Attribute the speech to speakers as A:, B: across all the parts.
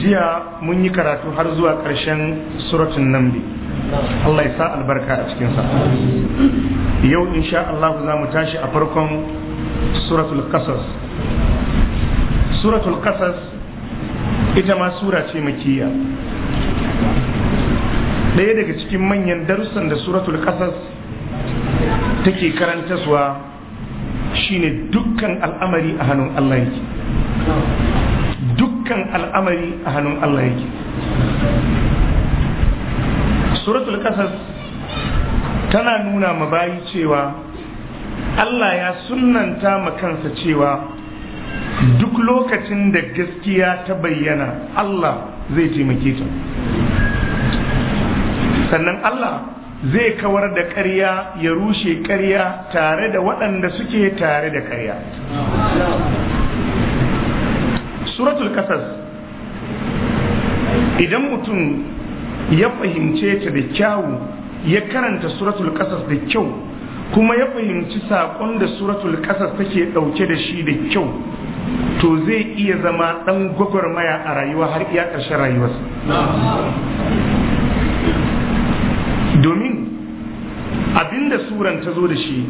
A: jiya mun yi karatu har zuwa ƙarshen suratun nambi Allah ya sa albarka a cikinsa yau insha Allah za mu tashi a farkon suratul kasas suratul kasas ita ma sura ce makiya ɗaya daga cikin manyan darussan da suratul kasas take karantaswa shine dukkan al'amari a hannun Allah yake dukkan al'amari a hannun Allah yake suratul kasas tana nuna ma bayi cewa Allah ya sunnanta ma kansa cewa duk lokacin da gaskiya ta bayyana Allah zai taimake ta sannan Allah zai kawar da ƙarya ya rushe ƙarya tare da waɗanda suke tare da ƙarya suratul kasas idan mutum ya fahimce ta da kyawu ya karanta suratul kasas da kyau kuma ya fahimci saƙon da suratul kasas take ɗauke da shi da kyau to zai iya zama ɗan gwagwarmaya a rayuwa har iya ƙarshen rayuwarsa domin abinda suran ta zo da shi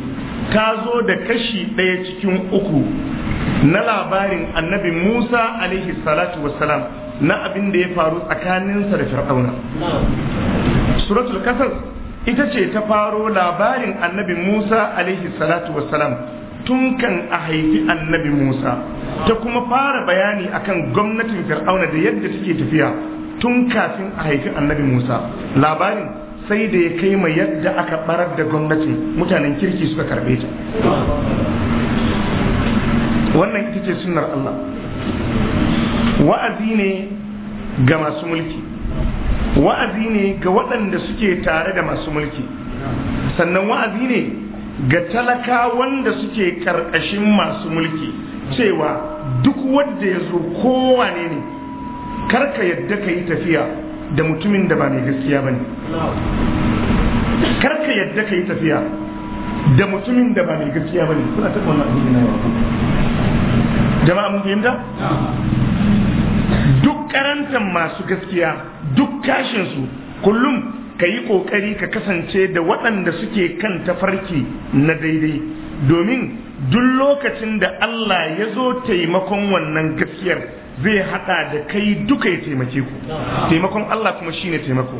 A: ta zo da kashi ɗaya cikin uku na labarin annabi musa alaihi salatu wassalam na abin da ya faru tsakaninsa da fir'auna suratul kasas ita ce ta faro labarin annabi musa alaihi salatu wassalam tun kan a haifi annabi musa ta kuma fara bayani akan gwamnatin fir'auna da yadda take tafiya tun kafin a haifi annabi musa labarin sai da ya kai mai yadda aka barar da gwamnati mutanen kirki suka karbe ta wannan ita ce sunnar Allah wa'azi ne ga masu mulki wa'azi ne ga waɗanda suke tare da masu mulki sannan wa'azi ne ga talaka wanda suke ƙarƙashin masu mulki cewa duk wanda ya zo kowane ne karka yadda ka yi tafiya da mutumin da ba mai gaskiya ba ne karka yadda ka yi tafiya da mutumin da ba mai gaskiya ba ne kuna taɓa wannan abin yana yawa jama'a mun fahimta duk karantan masu gaskiya duk kashinsu kullum ka yi ƙoƙari ka kasance da waɗanda suke kan tafarki na daidai domin duk lokacin da Allah ya zo taimakon wannan gaskiyar zai hada da kai duka ya taimake ku taimakon Allah kuma shine taimako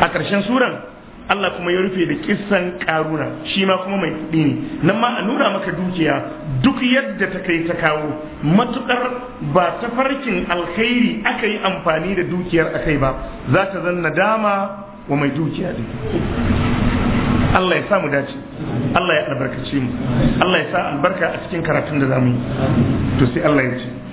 A: a ƙarshen suran Allah kuma ya rufe da kissan karuna shi ma kuma mai kuɗi ne nan ma a nuna maka dukiya duk yadda ta kai ta kawo matukar ba ta farkin alkhairi aka yi amfani da dukiyar kai ba za ta zanna dama wa mai dukiya din Allah ya sa mu dace Allah ya albarkace mu Allah ya sa albarka a cikin karatun da zamu yi to sai Allah ya ce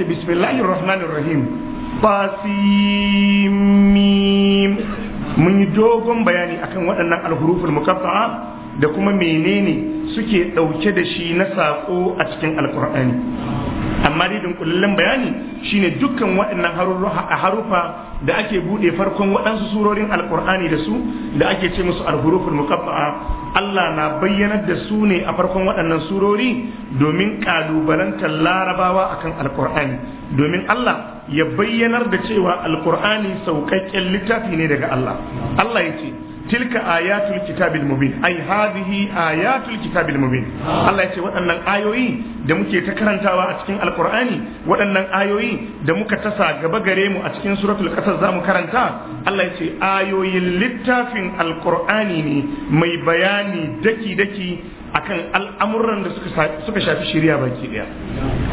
A: ce bismillahir rahmanir rahim tasimim mun yi dogon bayani akan waɗannan alhuruful muqatta'a da kuma menene suke ɗauke da shi na saƙo a cikin alkur'ani amma dai dunkulallen bayani shine dukkan waɗannan harufa da ake buɗe farkon waɗansu surorin alkur'ani da su da ake ce musu alhuruful muqatta'a Allah na bayyanar da su ne a farkon waɗannan surori domin ƙalubalantar larabawa akan alkur'ani domin Allah ya bayyanar da cewa alkur'ani sauƙaƙƙen littafi ne daga Allah Allah ya ce tilka ayatul kitabil mubin ai hadhihi ayatul kitabil mubin Allah ya ce waɗannan ayoyi da muke ta karantawa a cikin alqur'ani waɗannan ayoyi da muka tasa gaba gare mu a cikin suratul qasas zamu karanta Allah ya ce ayoyin littafin alqur'ani ne mai bayani daki daki akan al'amuran da suka shafi shari'a baki daya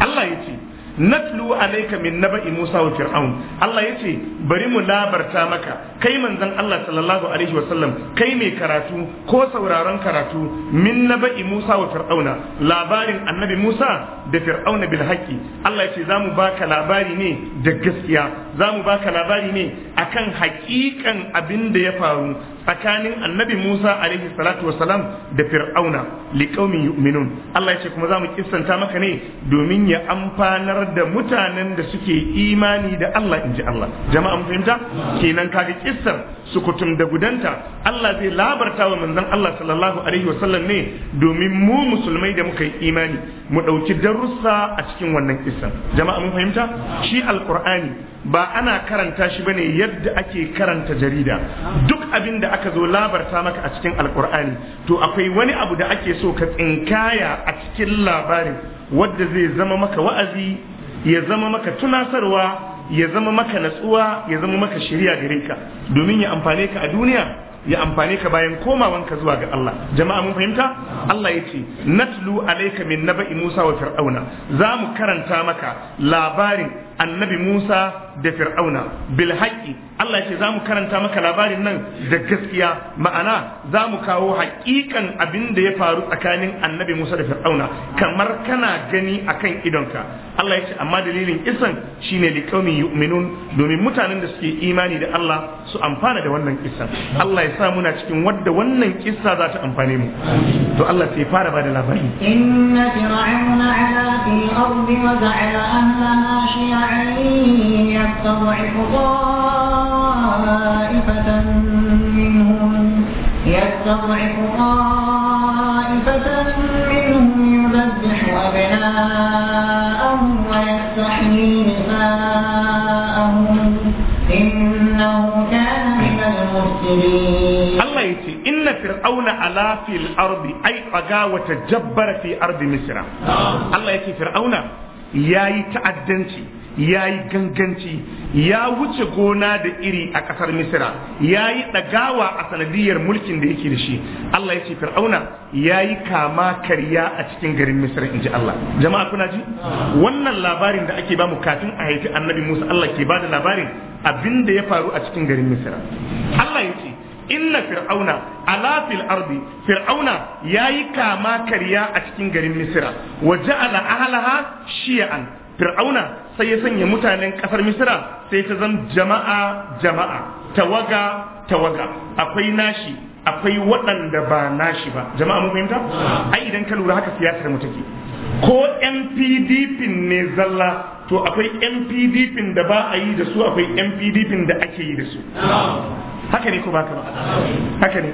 A: Allah ya natlu alayka min naba'i Musa wa Fir'aun Allah yace bari mu labarta maka kai manzon Allah sallallahu alaihi wa sallam kai mai karatu ko sauraron karatu min naba'i Musa wa Fir'auna labarin annabi Musa da Fir'auna bil haqqi Allah yace zamu baka labari ne da gaskiya zamu baka labari ne akan hakikan abin da ya faru tsakanin annabi Musa alaihi salatu salam da fir'auna liqaumin yu'minun Allah ya ce kuma zamu kissanta maka ne domin ya amfanar da mutanen da suke imani da Allah inji Allah jama'a mu fahimta kenan kaga kissar sukutum da gudanta Allah zai labarta wa manzon Allah sallallahu alaihi sallam ne domin mu musulmai da muka yi imani mu dauki darussa a cikin wannan kissar jama'a mun fahimta shi alqur'ani ba ana karanta shi bane yadda ake karanta jarida duk abin da aka zo labarta maka a cikin alkur'ani to akwai wani abu da ake so ka tsinkaya a cikin labarin wadda zai zama maka wa'azi ya zama maka tunasarwa ya zama maka natsuwa ya zama maka shirya gare ka domin ya amfane ka a duniya ya amfane ka bayan komawanka zuwa ga Allah jama'a mun fahimta Allah ya ce natlu alayka min naba'i Musa wa fir'auna za mu karanta maka labarin annabi Musa da fir'auna bil haqqi Allah ya ce za mu karanta maka labarin nan da gaskiya ma'ana za mu kawo haƙiƙan abin da ya faru tsakanin annabi Musa da fir'auna kamar kana gani akan idonka Allah ya ce amma dalilin isan shine liqaumin yu'minun domin mutanen da suke imani da Allah su amfana da wannan isan Allah ya sa muna cikin wadda wannan kissa za ta amfane mu to Allah sai fara bada labari
B: inna fir'auna ala fil ardi wa ja'ala ahlaha shi'an yastad'ifu ta'ifatan minhum yastad'ifu ta'ifatan منهم يذبح أبناءهم ويستحيي نساءهم إنه كان من
A: المفسدين fir'auna ala fil ardi ai aga wa tajabbara fi ardi misra Allah yake fir'auna yayi ta'addanci yayi ganganci ya wuce gona da iri a ƙasar misra yayi ɗagawa a sanadiyar mulkin da yake da shi Allah yake fir'auna yayi kama karya a cikin garin misra inji Allah jama'a kuna ji wannan labarin da ake bamu kafin a haifi annabi Musa Allah ke bada labarin abin da ya faru a cikin garin misra Allah yake inna fir'auna ala fil ardi fir'auna yayi kama karya a cikin garin misra wa ja'ala ahlaha shi'an fir'auna sai ya sanya mutanen kasar misra sai ta zama jama'a jama'a tawaga tawaga akwai nashi akwai waɗanda ba nashi ba jama'a mun fahimta ai idan ka lura haka siyasar mu take ko NPDP ne zalla to akwai NPDP da ba a yi da su akwai NPDP da ake yi da su haka ne ko ka ba haka ne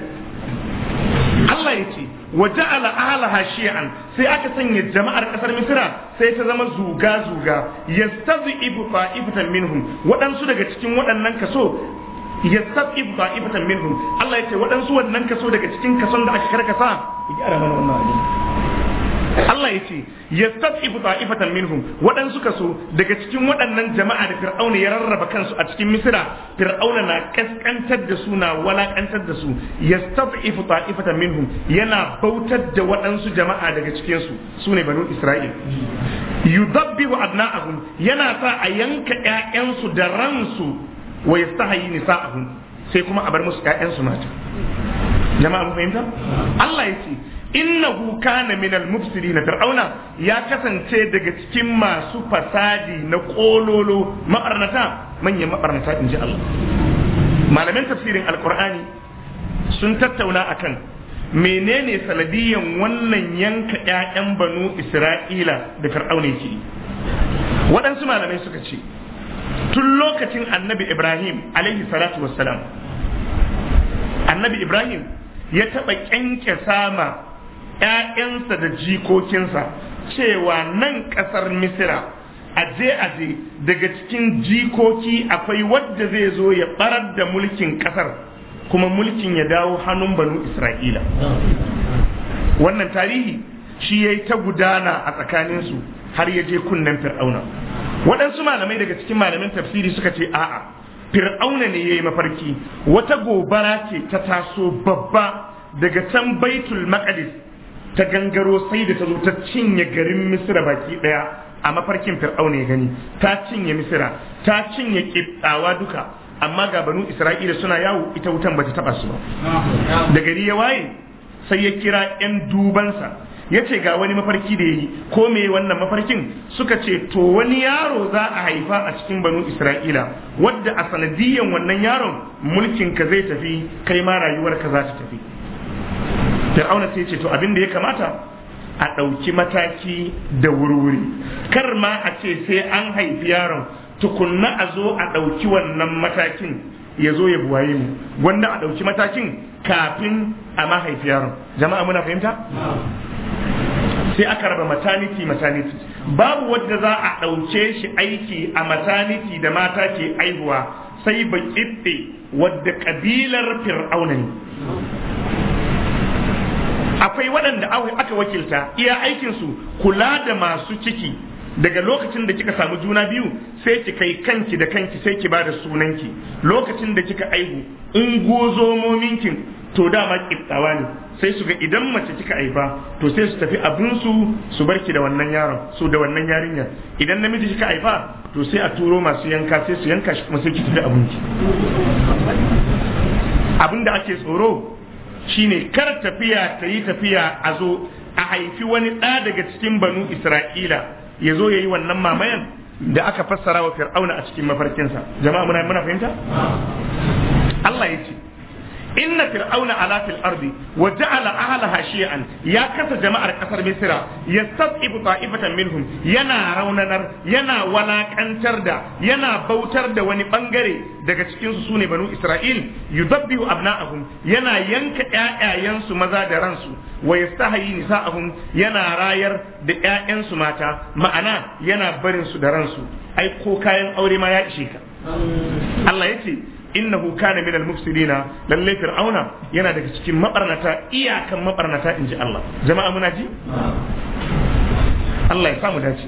A: Allah ya ce wa ja'ala ahlaha shi'an sai aka sanya jama'ar kasar Misra sai ta zama zuga zuga yastazibu fa'ibatan minhum waɗansu daga cikin waɗannan kaso yastabib da'ibatan minhum Allah ya ce waɗansu wannan kaso daga cikin kason da aka karkasa ya gyara mana wannan Allah ya ce yastatifu ifatan minhum waɗansu kaso daga cikin waɗannan jama'a da fir'auna ya rarraba kansu a cikin misira fir'auna na kaskantar da su na walakantar da su yastatifu ifatan minhum yana bautar da waɗansu jama'a daga cikin su sune banu isra'il yudabbihu abna'ahum yana sa a yanka ƴaƴansu da ransu wa yastahayi nisa'ahum sai kuma a bar musu ƴaƴansu mata jama'a mun fahimta Allah ya ce innahu kana minal na fir'auna ya kasance daga cikin masu fasadi na kololo mabarnata manyan mabarnata inji Allah malamin tafsirin alqur'ani sun tattauna akan menene sanadiyan wannan yanka ƴaƴan banu isra'ila da fir'auna yake waɗansu malamai suka ce tun lokacin annabi ibrahim alaihi salatu wassalam annabi ibrahim ya taɓa ƙyanƙyasa ma ‘ya'yansa da jikokinsa cewa nan ƙasar misira aje aje daga cikin jikoki akwai wadda zai zo ya barar da mulkin ƙasar kuma mulkin ya dawo hannun banu isra'ila wannan tarihi shi ya yi ta gudana a tsakaninsu har ya je kunnen fir'auna waɗansu malamai daga cikin malamin tafsiri suka ce a'a fir'auna ne ya yi mafarki wata gobara ce ta taso babba daga can baitul maqdis ta gangaro sai da ta zo ta cinye garin misira baki ɗaya a mafarkin fir'auna ya gani ta cinye misira ta cinye kibtawa duka amma ga banu isra'ila suna yawo ita wutan bata taba su ba da gari ya waye sai ya kira yan dubansa ya ce ga wani mafarki da ya yi ko me wannan mafarkin suka ce to wani yaro za a haifa a cikin banu isra'ila wadda a sanadiyan wannan yaron mulkin ka zai tafi kai ma rayuwarka ka za ta tafi fir'auna sai ce to abin da ya kamata a ɗauki mataki da wurwuri kar ma a ce sai an haifi yaron tukunna a zo a ɗauki wannan matakin ya zo ya buwaye mu wanda a ɗauki matakin kafin a mahaifi yaron jama'a muna fahimta sai aka raba mataniti mataniti babu wadda za a ɗauke shi aiki a mataniti da mata ke aihuwa sai ba wadda ƙabilar fir'auna ne akwai waɗanda aka wakilta iya aikinsu kula da masu ciki daga lokacin da kika samu juna biyu sai ki kai kanki da kanki sai ki bada sunanki lokacin da kika aihu in gozo mominkin to dama kiftawa ne sai su ga idan mace kika aifa to sai su tafi abinsu su barki da wannan yaron su da wannan yarinya idan namiji kika aifa to sai a turo masu yanka sai su yanka shi kuma sai ki tafi da ake tsoro shine kar tafiya ta yi tafiya a zo a haifi wani ɗa daga cikin banu isra'ila ya zo ya yi wannan mamayan da aka fassara wa fir'auna a cikin mafarkinsa jama'a muna muna fahimta Allah ya ce inna fir'auna ala fil ardi wa ja'ala ahlaha shi'an ya kasa jama'ar kasar misra yastatibu ta'ifatan minhum yana raunanar yana walakantar da yana bautar da wani bangare daga cikin su sune banu isra'il yudabbihu abna'ahum yana yanka ƴaƴayen su maza da ransu wa yastahayi nisa'ahum yana rayar da ƴaƴan su mata ma'ana yana barin su da ransu ai ko kayan aure ma ya ishe ka Allah yace innahu kana min al-mufsidina lalle fir'auna yana daga cikin mabarnata iyakan mabarnata inji Allah jama'a muna ji Allah ya samu dace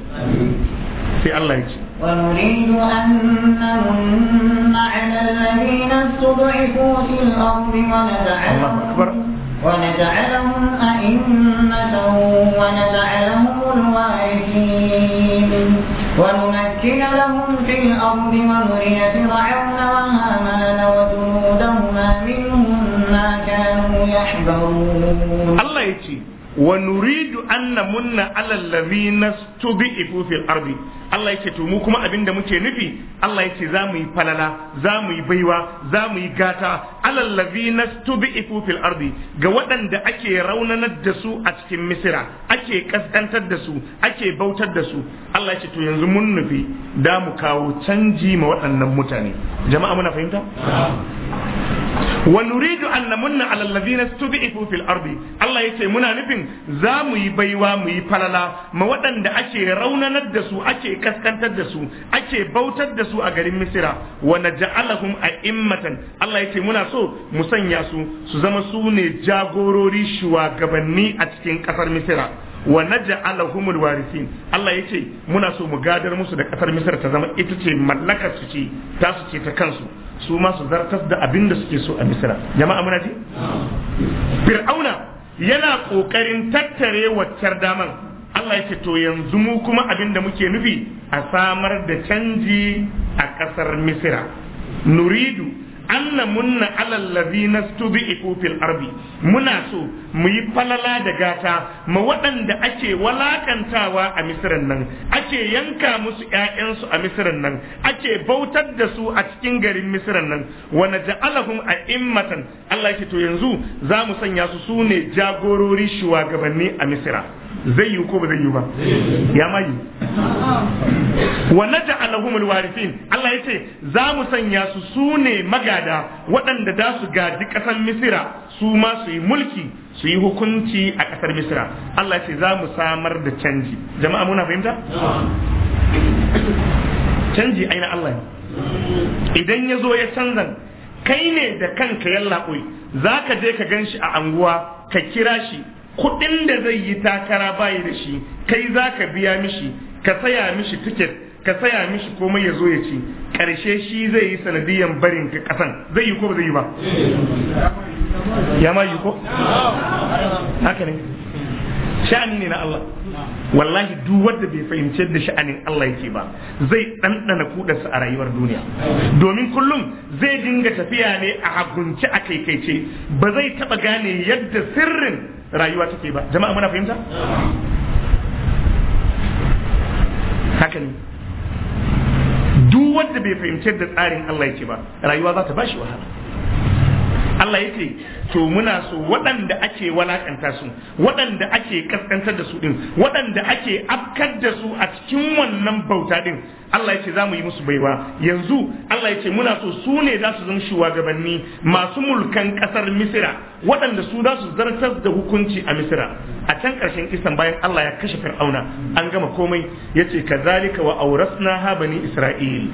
A: sai Allah ya ce ونريد
B: أن نمن على الذين استضعفوا في الأرض ونجعلهم
A: ونجعلهم
B: أئمة ونجعلهم الوارثين ونمكن لهم في الأرض ونري فرعون وهامان وجنودهما منهم ما كانوا
A: يحذرون الله يجزي wa nuridu an namunna alal ladhina stubi'u fil ardi Allah yake to mu kuma abinda muke nufi Allah yake za mu yi falala za mu yi baiwa za mu yi gata alal ladhina stubi'u fil ardi ga waɗanda ake raunanar da su a cikin Misira ake kaskantar da su ake bautar da su Allah yake to yanzu mun nufi da mu kawo canji ma waɗannan mutane jama'a muna fahimta wa nuridu an namunna ala alladhina stubi'u fil ardi Allah yace muna nufin za mu yi baiwa mu yi falala ma waɗanda ake raunanar da su ake kaskantar da su ake bautar da su a garin Misira wa naj'alahum a'immatan Allah yace muna so mu sanya su su zama sune jagorori shugabanni a cikin ƙasar Misira wa naj'alahumul warisin Allah yace muna so mu gadar musu da ƙasar Misira ta zama ita ce mallakar su ce ta su ce ta kansu su ma su zartas da abin da suke so a misira jama'a muna ji fir'auna yana kokarin tattare waccar damar, Allah yake to yanzu mu kuma abin da muke nufi a samar da canji a ƙasar misira nuridu anna munna alal ladina stubi'u fil ardi muna so mu yi falala da gata ma waɗanda ake walakantawa a misirin nan ake yanka musu ƴaƴansu a misirin nan ake bautar da su a cikin garin misirin nan wa naj'alahum a'immatan Allah yake to yanzu za mu sanya su sune jagorori shugabanni a misira zai yi ko ba zai yi ba ya mai
C: yi
A: wa naj'alahum alwarithin Allah yace za mu sanya su sune magada waɗanda da su gaji ƙasar Misira su ma su yi mulki su yi hukunci a ƙasar Misira Allah yace za mu samar da canji jama'a muna fahimta canji aina Allah ne idan ya zo ya canza kai ne da kanka yalla za ka je ka gan shi a anguwa ka kira shi kuɗin da zai yi takara bayi da shi kai za ka biya mishi ka saya mishi tiket ka saya mishi komai ya zo ya ci karshe shi zai yi sanadiyan barin ka kasan zai yi ko zai yi ba ya ma yi ko haka ne sha'ani ne na Allah wallahi duk wanda bai fahimci da sha'anin Allah yake ba zai ɗanɗana kudarsa a rayuwar duniya domin kullum zai dinga tafiya ne a hagunci a kaikaice ba zai taɓa gane yadda sirrin rayuwa take ba jama'a muna fahimta haka ne duk wanda bai fahimci da tsarin Allah yake ba rayuwa za ta bashi wahala Allah yake to muna so waɗanda ake walakanta su waɗanda ake kaskantar da su ɗin, waɗanda ake afkar da su a cikin wannan bauta ɗin Allah ya ce za mu yi musu baiwa yanzu Allah ya ce muna so su ne za su zama shugabanni masu mulkan ƙasar Misira waɗanda su za su zartar da hukunci a Misira a can ƙarshen kisan bayan Allah ya kashe Fir'auna an gama komai ya ce zalika wa aurasna ha bani Isra'il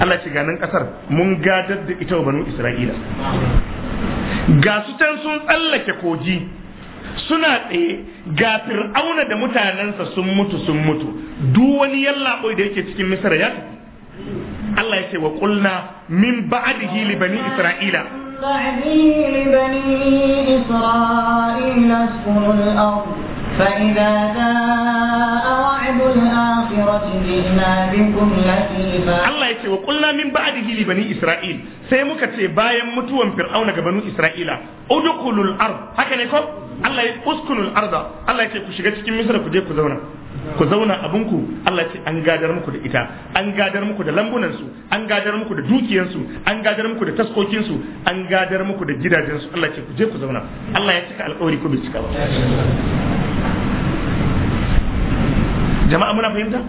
A: Allah ce ganin ƙasar mun gadar da ita wa banu Isra'ila ga su can sun tsallake kogi suna tsaye ga fir'auna da mutanensa sun mutu sun mutu duk wani yallaɓoi da yake cikin misra ya tafi Allah ya ce wa kulna min ba'dihi li bani isra'ila
B: ba'dihi li bani isra'ila فإذا جاء وعد الآخرة
A: جئنا بكم لفيفا الله يتي وقلنا من بعده لبني إسرائيل سيمك بايا متوا فرعون بنو إسرائيل أدخل الأرض هكذا يقول الله اسكنوا الأرض الله يتي كشغت في مصر كجيب كزونا ku zauna abinku Allah ce an gadar muku da ita an gadar muku da lambunansu an gadar muku da dukiyansu an gadar muku da taskokinsu an gadar muku da gidajensu Allah ce ku je ku zauna Allah ya cika alkawari ko bai cika ba jama'a muna fahimta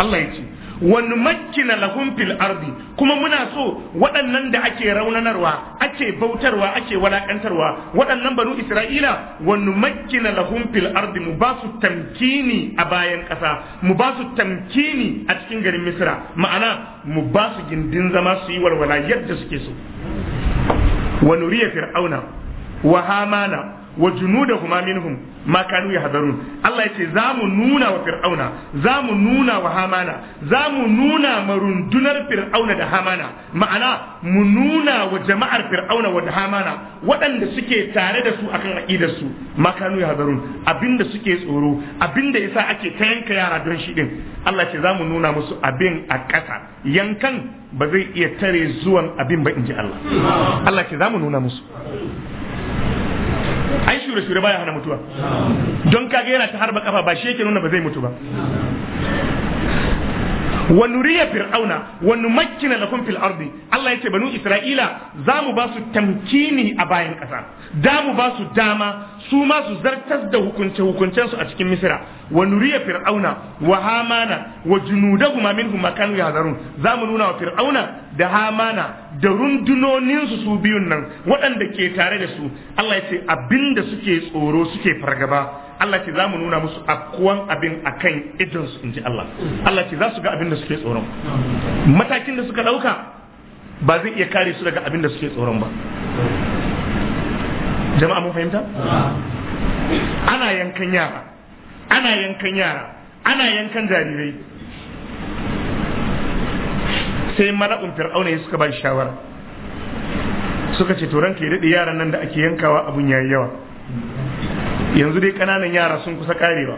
A: Allah ya ce wani makina lahum fil ardi kuma muna so waɗannan da ake raunanarwa ake bautarwa ake walakantarwa waɗannan banu isra'ila wani makina lahum fil ardi mu ba su tamkini a bayan ƙasa mu ba su tamkini a cikin garin misra ma'ana mu ba su gindin zama su yi walwala yadda suke so wa nuriya fir'auna wa hamana wa junudahuma minhum ma kanu hadarun. Allah ce za mu nuna wa fir'auna za mu nuna wa hamana za mu nuna marundunar fir'auna da hamana ma'ana mu nuna wa jama'ar fir'auna wa da hamana waɗanda suke tare da su akan aqidar su ma kanu hadarun. abinda suke tsoro abinda yasa ake ta yanka yara don shi din Allah ce za mu nuna musu abin a ƙasa yankan ba zai iya tare zuwan abin ba ji Allah Allah ce za mu nuna musu shure shure baya hana mutuwa don kaga yana ta harba kafa ba shi yake nuna ba zai mutu ba wa nuriya fir'auna wa numakkina lakum fil ardi Allah yace banu Isra'ila za mu ba su tamkini a bayan kasa da mu ba su dama su ma su zartar da hukunce hukuncen su a cikin misira wa nuriya fir'auna wa hamana wa ma minhum makan kanu yahzarun za mu nuna wa fir'auna da hamana da rundunonin su su biyun nan waɗanda ke tare da su Allah ya ce abinda suke tsoro suke fargaba Allah ce za mu nuna musu akwan abin a idan su in ji Allah Allah ce za su ga abinda suke tsoron matakin da suka ɗauka ba zai iya kare su daga abinda suke tsoron ba jama'a mun fahimta ana yankan yara ana yankan yara ana yankan jarirai sai mala'un fir'auna suka ba shawara suka ce turan ke daɗe yaran nan da ake yankawa abun yayi yawa yanzu dai ƙananan yara sun kusa karewa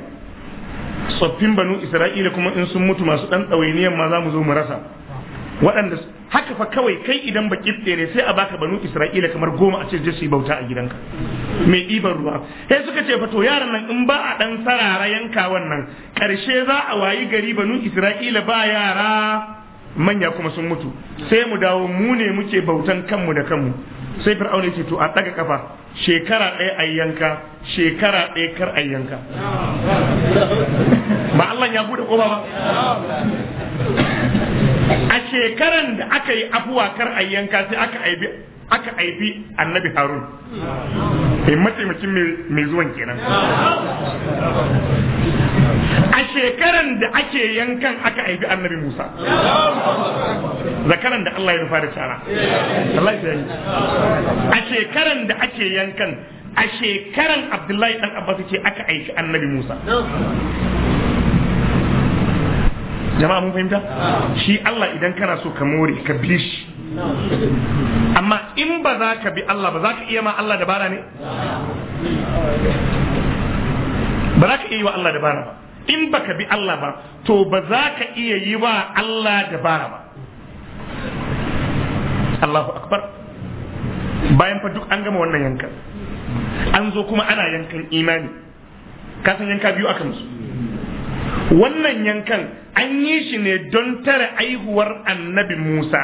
A: tsoffin banu isra'ila kuma in sun mutu masu ɗan ɗawainiyan ma za mu zo mu rasa waɗanda haka fa kawai kai idan ba tsere sai a baka banu isra'ila kamar goma a ce je bauta a gidanka mai ɗiban ruwa sai suka ce fa to yaran nan in ba a dan sarara yanka wannan karshe za a wayi gari banu isra'ila ba yara manya kuma sun mutu sai mu dawo mu ne muke bautan kanmu da kanmu sai fir'auna ce to a daga kafa shekara ɗaya a yanka shekara ɗaya kar a yanka ba Allah ya bude koba ba a shekaran da aka yi afuwa kar a yanka sai aka aibi aka aibi annabi harun eh, mai mataimakin mai zuwan kenan a shekaran da ake yankan aka aibi annabi musa zakaran da allah ya rufa da cara a shekaran da ake yankan a shekaran abdullahi dan abbas ce aka aiki annabi musa jama'a mun fahimta shi Allah idan kana so ka more ka bi shi amma in ba za ka bi Allah ba za ka iya ma Allah dabara ne ba za ka iya yi wa Allah dabara ba in ba ka bi Allah ba to ba za ka iya yi wa Allah dabara ba Allahu akbar bayan fa duk an gama wannan yankan an zo kuma ana yankan imani Ka san yanka biyu akan su wannan yankan an yi shi ne don tare aihuwar annabi Musa.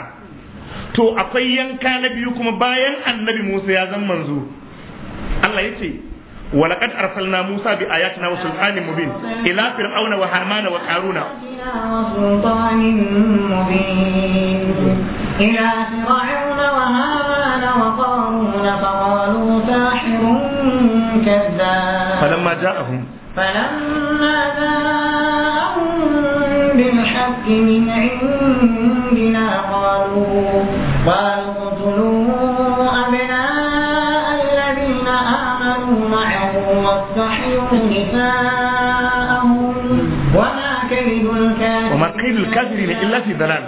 A: To akwai yanka na biyu kuma bayan annabi Musa ya zan manzo. Allah ya ce, walaƙad arsalna Musa bi ayatina wa sultanin mubin, ila fir'auna wa hamana wa karuna. فلما جاءهم
B: فلما جاءهم بالحق من عندنا قالوا قالوا اقتلوا أبناء الذين آمنوا معه واستحيوا نساءهم وما كيد الكافرين وما كيد الكافرين إلا في ضلال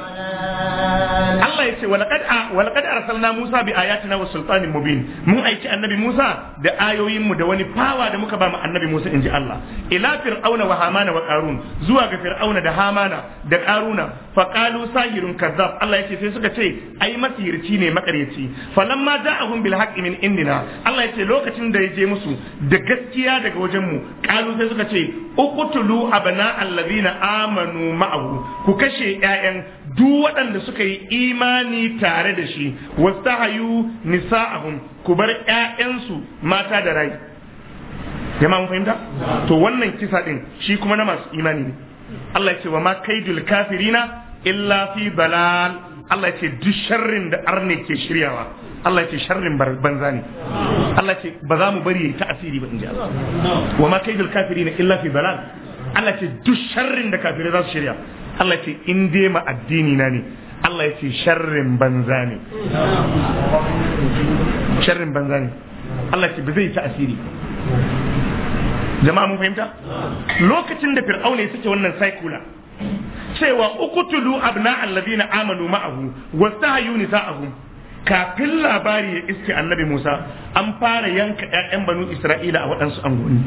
A: Allah ya ce walaqad arsalna Musa bi ayatina wa sultanin mubin mun aiki annabi Musa da ayoyin mu da wani fawa da muka ba mu annabi Musa inji Allah ila fir'auna wa hamana wa qarun zuwa ga fir'auna da hamana da qaruna fa qalu sahirun kazzab Allah ya ce sai suka ce ai masihirci ne makaryaci falamma ja'ahum bil haqqi min indina Allah ya ce lokacin da ya je musu da gaskiya daga wajen mu qalu sai suka ce uqtulu abna allazina amanu ma'ahu ku kashe ƴaƴan duk waɗanda suka yi imani tare da shi wastahayu nisa'ahum ku bar ƴaƴansu mata da rai jama'a mun fahimta to wannan kisa din shi kuma na masu imani ne Allah ya ce wa ma kaidul kafirina illa fi balal Allah ya ce duk sharrin da arne ke shiryawa Allah ya ce sharrin banza ne Allah ya ce ba za mu bari ta asiri ba inji Allah wa ma kaidul kafirina illa fi balal Allah ce duk sharrin da kafirai za su shirya Allah ce in dai ma addini na ne Allah ya ce sharrin banza ne sharrin banza ne Allah ce ba zai ta asiri jama'a mun fahimta lokacin da fir'auna ya sake wannan saikula cewa uku ukutulu abna na amanu ma'ahu wastahayu nisa'ahum kafin labari ya iske annabi Musa an fara yanka 'ya'yan banu Isra'ila a waɗansu angoni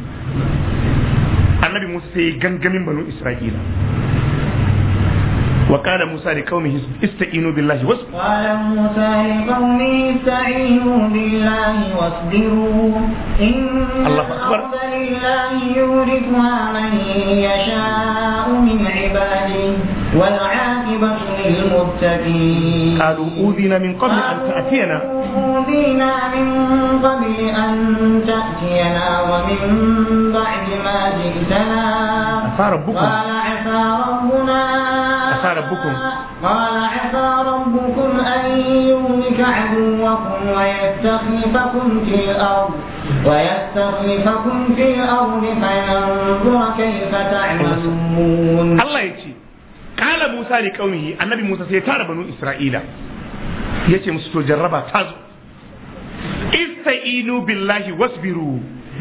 A: annabi musa sai gangamin banu isra'ila وقال موسى لقومه استعينوا بالله واصبروا
B: قال موسى لقومه استعينوا بالله واصبروا إن الله أكبر لله يورثها من يشاء من عباده والعاقبة
A: للمتقين قالوا أوذينا من قبل أن تأتينا
B: أوذينا من قبل أن تأتينا ومن بعد ما جئتنا
A: عسى ربكم قال
B: عسى ربنا عسى ربكم قال عسى ربكم أن يهلك عدوكم ويستخلفكم في الأرض
A: ويستخلفكم في الأرض فينظر كيف تعملون الله يجزي qala musa li qaumihi annabi musa sai tara banu isra'ila ce musu to jarraba ta zo istainu billahi wasbiru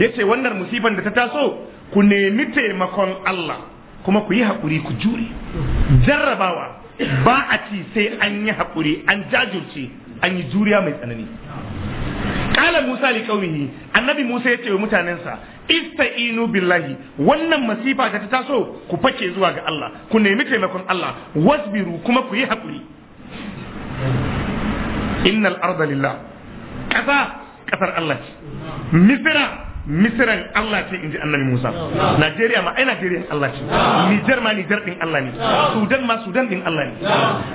A: yace wannan musiban da ta taso ku nemi taimakon Allah kuma ku yi ku jure jarrabawa ba a ci sai an yi haƙuri an jajirce an yi juriya mai tsanani Kala Musa li qaumihi annabi Musa ya ce wa mutanensa ista'inu billahi wannan masifa da ta taso ku fake zuwa ga Allah ku nemi taimakon Allah wasbiru kuma ku yi hakuri innal arda lillah kasa kasar Allah misra misran Allah ce inji annabi Musa Najeriya ma ai Najeriya Allah ce Nijar ma Nijar din Allah ne Sudan ma Sudan din Allah ne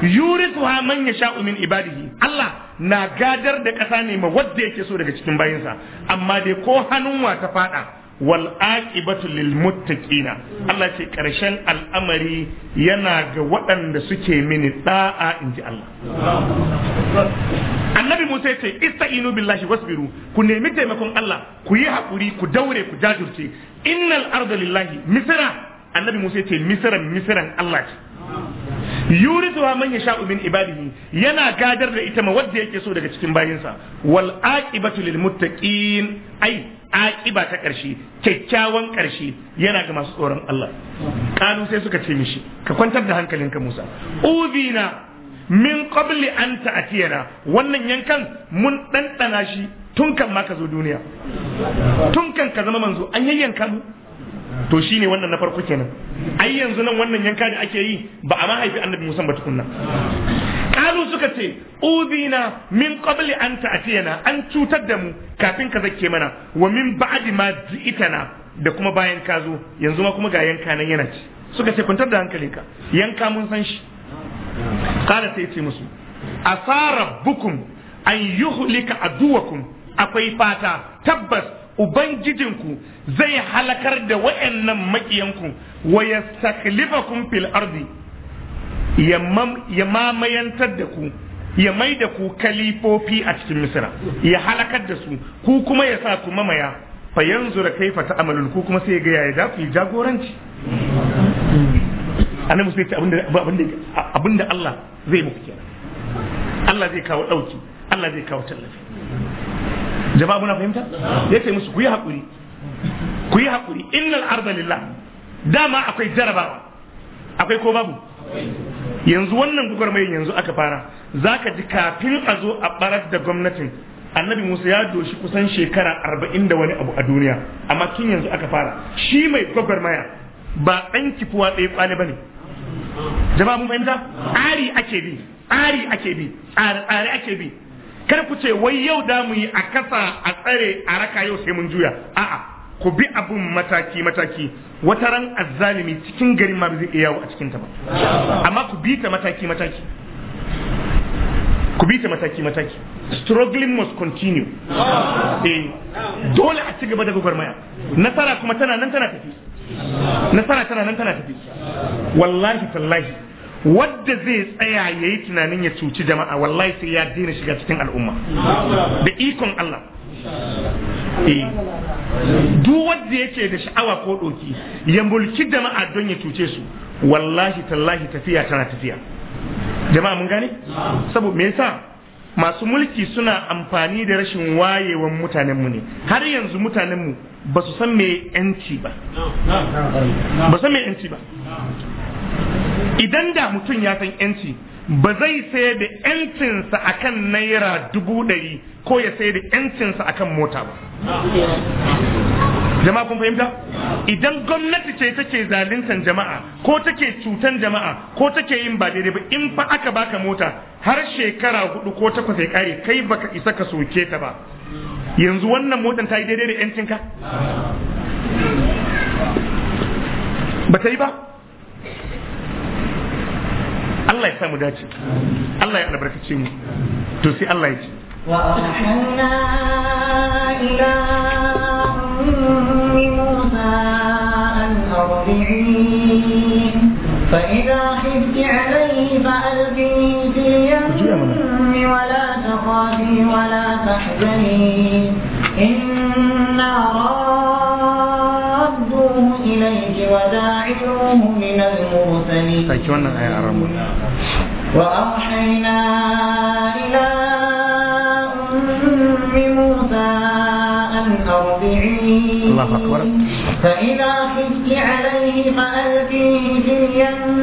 A: yurithuha man yasha'u min ibadihi Allah na gadar da ƙasa ne ma wanda yake so daga cikin bayinsa amma dai ko hannunwa ta fada wal aqibatu lil muttaqina Allah ce karshen al'amari yana ga waɗanda suke mini da'a inji Allah Annabi Musa ce ista'inu billahi wasbiru ku nemi taimakon Allah ku yi hakuri ku daure ku jajurce, innal arda lillahi Annabi Musa ce misiran misiran Allah
C: ce
A: yurisuha man yasha'u min ibadihi yana gadar da ita ma wanda yake so daga cikin bayinsa wal aqibatu lil muttaqin ai aqiba ta karshe kyakkyawan karshe yana ga masu tsoron Allah kanu sai suka ce mishi ka kwantar da hankalinka Musa udina min qabli an ta'tiyana wannan yankan mun dandana shi tun kan ma ka zo duniya tun kan ka zama manzo an yayyanka mu to shi ne wannan na farko kenan ai yanzu nan wannan yanka da ake yi ba a mahaifi annabi Musa ba tukunna kalu suka ce udina min qabli an ta'tiyana an cutar da mu kafin ka zakke mana wa min ba'di ma ji'tana da kuma bayan ka zo yanzu ma kuma ga yanka nan yana ci suka ce kuntar da hankali ka. yanka mun san shi kala sai ce musu asara bukum an yuhlika aduwakum akwai fata tabbas ubangijinku zai halakar da wayannan makiyanku wa yastakhlifakum fil ardi ya mamayantar da ku ya mai da ku kalifofi a cikin misira ya halakar da su ku kuma ya sa ku mamaya fa yanzu da kaifa ta amalul ku kuma sai ya ga ya za ku yi jagoranci annabi sai ce abinda Allah zai muku kenan Allah zai kawo dauki Allah zai kawo tallafi jama'a muna fahimta ya ce musu ku yi haƙuri ku yi haƙuri innal arda lillah dama akwai jarabawa akwai ko babu yanzu wannan gwagwarmayin yanzu aka fara za ka ji kafin a zo a barar da gwamnatin annabi musa ya doshi kusan shekara arba'in da wani abu a duniya amma tun yanzu aka fara shi mai gwagwarmaya ba ɗan kifuwa ɗaya kwale ba ne jama'a mun fahimta Ari ake bi ari ake bi tsare-tsare ake bi kar ku ce wai yau da mu yi a kasa a tsare a raka yau sai mun juya a'a ku bi abun mataki mataki wata ran azzalimi cikin garin ma zai iya yawo a cikin ta ba amma ku bi ta mataki mataki ku bi ta mataki mataki struggling must continue eh dole a ci gaba da gwagwarmaya nasara kuma tana nan tana tafi nasara tana nan tana tafi wallahi tallahi wadda zai tsaya ya yi tunanin ya cuci jama'a wallahi sai ya daina shiga cikin al'umma da ikon Allah eh. duk wadda yake da sha'awa ko ɗoki ya mulki jama'a don ya cuce su wallahi tallahi tafiya tana tafiya jama'a mun gane saboda me yasa masu mulki suna amfani da rashin wayewan mutanenmu ne har yanzu mutanenmu ba su san me yanci ba ba san me yanci ba idan da mutum ya san yanci ba zai sayar da yancinsa akan naira dubu ɗari ko ya sayar da yancinsa akan mota ba jama'a kun fahimta idan gwamnati ce take zaluntan jama'a ko take cutan jama'a ko take yin ba daidai ba in fa aka baka mota har shekara hudu ko takwas ya kare kai baka isa ka soke ta ba yanzu wannan motan ta yi daidai da yancinka ba ta yi ba Allah ya sa mu dace Allah ya albarkace mu to sai Allah ya ce
B: فإذا خفت علي فألقني في الملك وداعبه من المرسلين وأوحينا إلى أم موسى أن أرضعيه الله أكبر فإذا خفت عليه فألقيه في اليم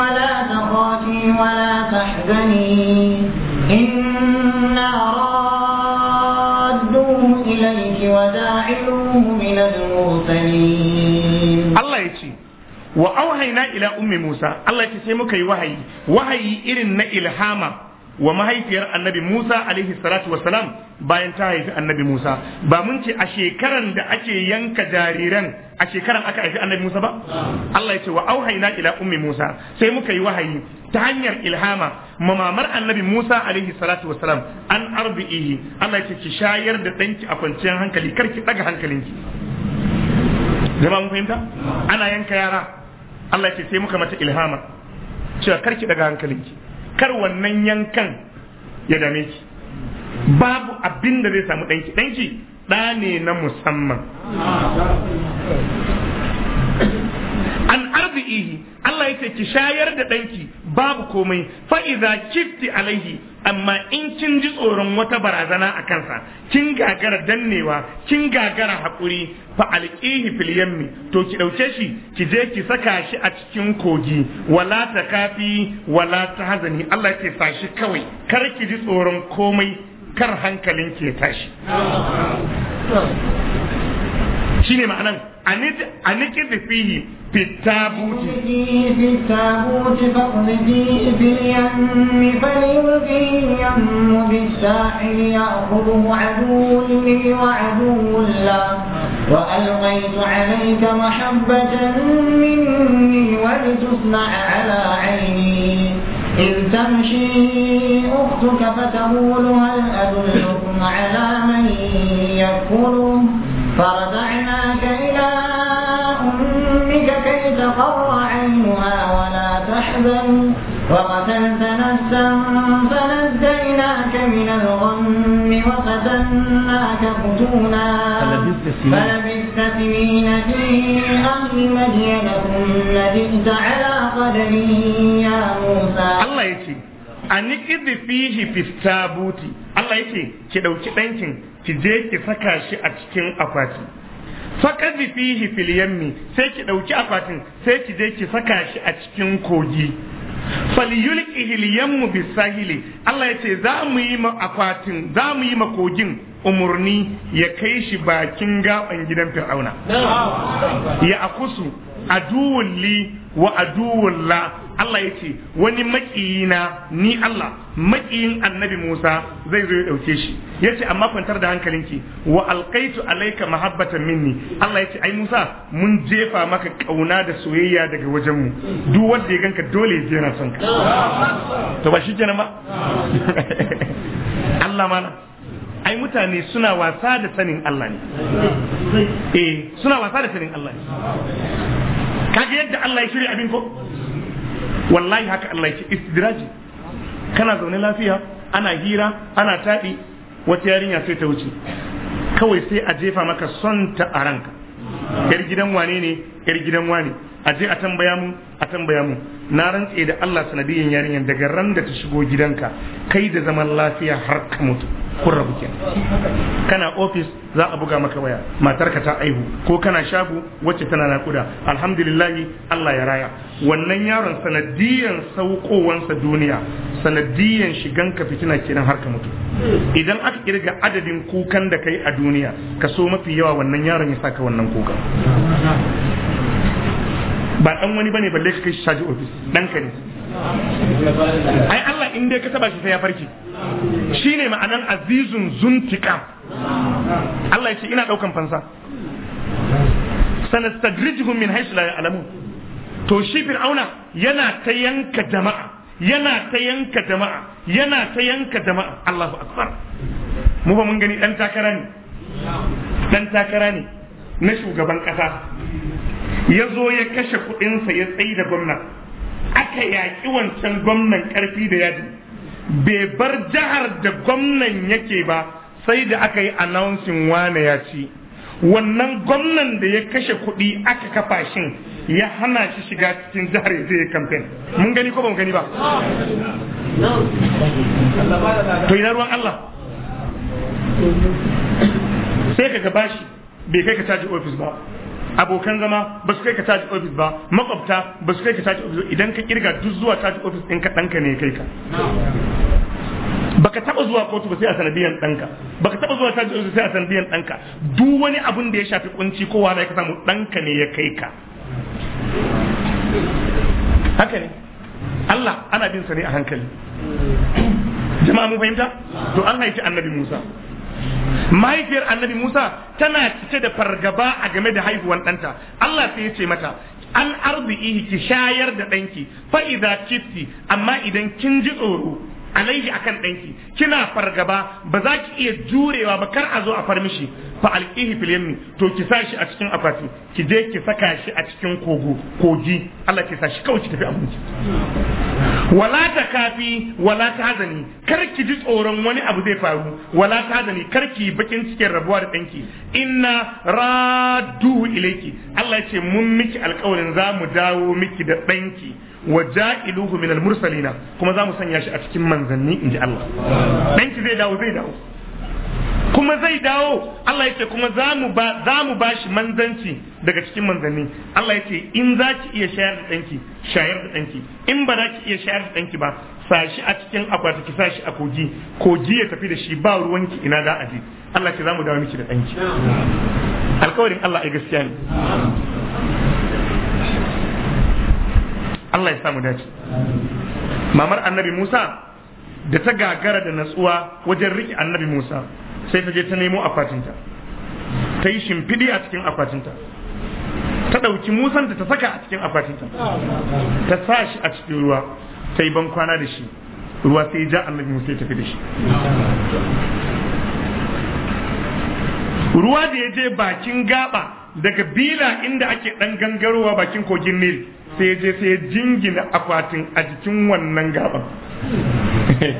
B: ولا تخافي ولا تحزني إنا رادوه إليك
A: وداعلوه من المرسلين Allah ya ce wa auhayna ila ummi Musa Allah ya ce sai muka yi wahayi wahayi irin na ilhama wa mahaifiyar annabi Musa alaihi salatu wasalam bayan ta haifi annabi Musa ba mun ce a shekaran da ake yanka jariran a shekaran aka haifi annabi Musa ba Allah ya ce wa auhayna ila ummi Musa sai muka yi wahayi ta hanyar ilhama mamamar annabi Musa alaihi salatu wasalam an arbi'ihi Allah ya ce ki shayar da danki a kwanciyar hankali karki daga hankalinki Zama mun fahimta ana yanka yara Allah ce sai muka mata ilhama cewa kar ki daga hankalinki kar wannan yankan ya dame ki babu abin da zai samu danki danki da ne na musamman an arziki Allah ya ce ki shayar da danki babu komai fa'iza idza kifti alaihi amma in kin ji tsoron wata barazana a kansa kin gagara dannewa kin gagara haƙuri, fa alqihi fil yammi to ki ɗauke shi ki je ki saka shi a cikin kogi wala ta kafi, wala ta hazani. Allah ke sa shi kawai kar ki ji tsoron komai kar hankalin ke tashi shine ma'anan aniki fihi في التابوت
B: في التابوت فاقذفيه في اليم فليلقه اليم بالساحل يأخذه عدو لي وعدو له وألقيت عليك محبة مني ولتصنع على عيني إذ تمشي أختك فتقول هل أدلكم على من يكفره فرجعناك إلى أمك كي تقر عينها ولا تحزن وقتلت نفسا فنجيناك من الغم وفتناك فتونا فلبثت سنين في أهل مدينة ثم جئت على قدري يا
A: موسى الله يتشي an idi fihi fistabuti Allah yake ki ɗauki dankin ki je ki saka shi a cikin akwati faqadi fihi fil yammi sai ki ɗauki akwatin sai ki je ki saka shi a cikin kogi falyulqihi al yammu bisahili Allah yake za mu yi ma akwatin za mu yi ma kogin umurni ya kai shi bakin gaban gidan fir'auna ya akusu aduwun li wa aduwullah Allah ya ce wani maƙiyina ni Allah maƙiyin annabi Musa zai zo ya ɗauke shi ya ce amma kwantar da hankalinki wa alƙaitu alaika mahabbatan minni Allah ya ce ai Musa mun jefa maka ƙauna da soyayya daga wajenmu duk wanda ya ganka dole ya jera son ka to ba shi kenan ba Allah mana ai mutane suna wasa da sanin Allah ne eh suna wasa da sanin Allah ne kaga yadda Allah ya shirya abin ko wallahi haka Allah yake istidraji kana zaune lafiya ana hira ana taɗi wata yarinya sai ta wuce kawai sai a jefa maka son ta a ranka yar gidan wane ne yar gidan wane a je a tambaya mu a tambaya mu na rantse da Allah sanadiyin yarinyar daga ran da ta shigo gidanka kai da zaman lafiya har ka mutu kun rabu kana ofis za a buga maka waya matarka ta aihu ko kana shago wacce tana nakuda alhamdulillahi Allah ya raya wannan yaron sanadiyan saukowansa duniya sanadiyan shiganka fitina kenan har ka mutu idan aka kirga adadin kukan da kai a duniya ka so mafi yawa wannan yaron ya saka wannan kuka ba dan wani bane balle ka kai shi shaji ofis dan ne ai Allah in dai ka taba shi sai ya farke shine ma'anan azizun zuntika Allah ya ce ina daukan fansa sanastadrijuhum min haythu la ya'lamun to shi fir'auna yana ta yanka jama'a yana ta yanka jama'a yana ta yanka jama'a Allahu akbar mu ba mun gani dan takara ne dan takara ne na shugaban kasa ya zo ya kashe kudinsa ya tsaye da gwamnati aka yaƙi wancan gwamnan ƙarfi da yadi bai bar jihar da gwamnan yake ba sai da aka yi announcing wane ya ci wannan gwamnan da ya kashe kuɗi aka kafa shin ya hana shi shiga cikin jihar ya je kamfen mun gani ko ba mu gani ba to ina ruwan Allah sai ka gaba shi bai kai ka caji ofis ba abokan zama ba su kai ka caji ofis ba makwabta ba su kai ka caji ofis idan ka kirga duk zuwa caji ofis ɗin ka ɗanka ne kai ka baka taba zuwa kotu ba sai a sanadiyan danka baka taba zuwa caji ofis sai a sanadiyan danka duk wani abun da ya shafi kunci ko wahala ka samu danka ne ya kai ka haka ne Allah ana bin sa ne a hankali jama'a mun fahimta to an haifi annabi Musa mahaifiyar annabi Musa tana cike da fargaba a game da haihuwar ɗanta Allah sai ya ce mata an arzihi ki shayar da ɗanki fa'iza kifti amma idan kin ji tsoro alaihi akan danki kina fargaba ba za ki iya jurewa ba kar a zo a far mishi fa alqihi fil yammi to ki sa shi a cikin akwati ki je ki saka shi a cikin kogo kogi Allah ki sa shi kawai ki tafi abinci wala ta kafi wala ta hazani kar ki ji tsoron wani abu zai faru wala ta hazani kar ki bakin cikin rabuwa da danki inna radduhu ilayki Allah ya ce mun miki alƙawarin za mu dawo miki da danki wa ja'iluhu min al-mursalina kuma zamu sanya shi a cikin manzanni ji Allah dan ki zai dawo zai dawo kuma zai dawo Allah yake kuma zamu ba zamu bashi manzanci daga cikin manzanni Allah yake in za ki iya shayar da danki shayar da danki in ba za ki iya shayar da danki ba sashi a cikin akwati ki sashi a kogi kogi ya tafi da shi ba ruwanki ina a je. Allah ke zamu dawo miki da danki Alƙawarin Allah ai gaskiya ne Allah ya samu dace mamar annabi Musa da ta gagara da natsuwa wajen riƙe annabi Musa sai ta je ta nemo akwatinta ta yi shimfiɗi a cikin akwatinta ta ɗauki musan ta saka a cikin akwatinta ta sa shi a cikin ruwa ta yi bankwana da shi ruwa sai ja annabi Musa ya tafi da shi ruwa da ya je bakin gaba daga bila inda ake dan gangarowa bakin kogin nil sai je sai jingina akwatin a jikin wannan gaban ke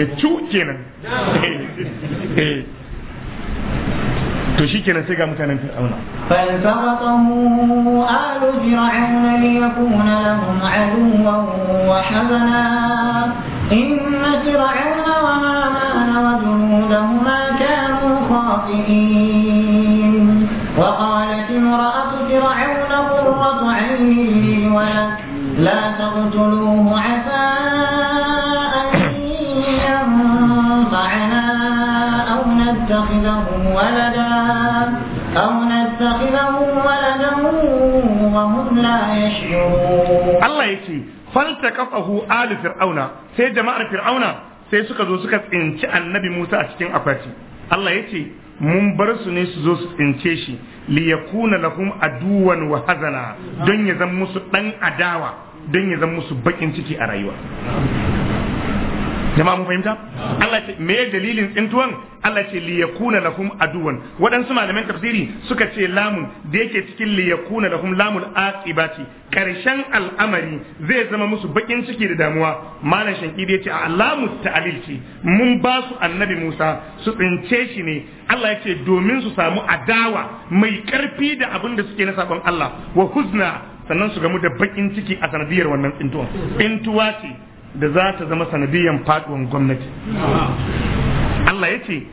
A: eh, tu kenan eh, to shi kenan sai ga mutanen fir'auna
B: faltaqatahu alu fir'auna liyakuna lahum aduwan wa hazana inna fir'auna wa amana wa junudahuma kanu khati'in امرأة فرعون قرة عين لي ولك لا تقتلوه عسى أن ينفعنا أو نتخذه ولدا أو نتخذه ولدا وهم لا
A: يشعرون الله يكفي فالتقطه آل فرعون سيد جماعة فرعون sai suka zo suka tsinci annabi Musa a cikin akwati Allah ya ce mun bar su ne su zo su tsince shi li yakuna lahum aduwan wa hazana don ya zama musu dan adawa don ya zama musu bakin ciki a rayuwa jama'a mun fahimta Allah ce me dalilin tsintuwan Allah ce li yakuna lahum aduwan waɗansu malaman tafsiri suka ce lamun da yake cikin li yakuna lahum lamul aqibati karshen al'amari zai zama musu bakin ciki da damuwa malam shanki ya ce a alamu ta'alil ce mun ba su annabi Musa su tsince shi ne Allah ya ce domin su samu adawa mai karfi da abin da suke na sabon Allah wa huzna sannan su gamu da bakin ciki a sanadiyar wannan tsintuwa tsintuwa ce da za ta zama sanadiyan faduwan gwamnati Allah ya ce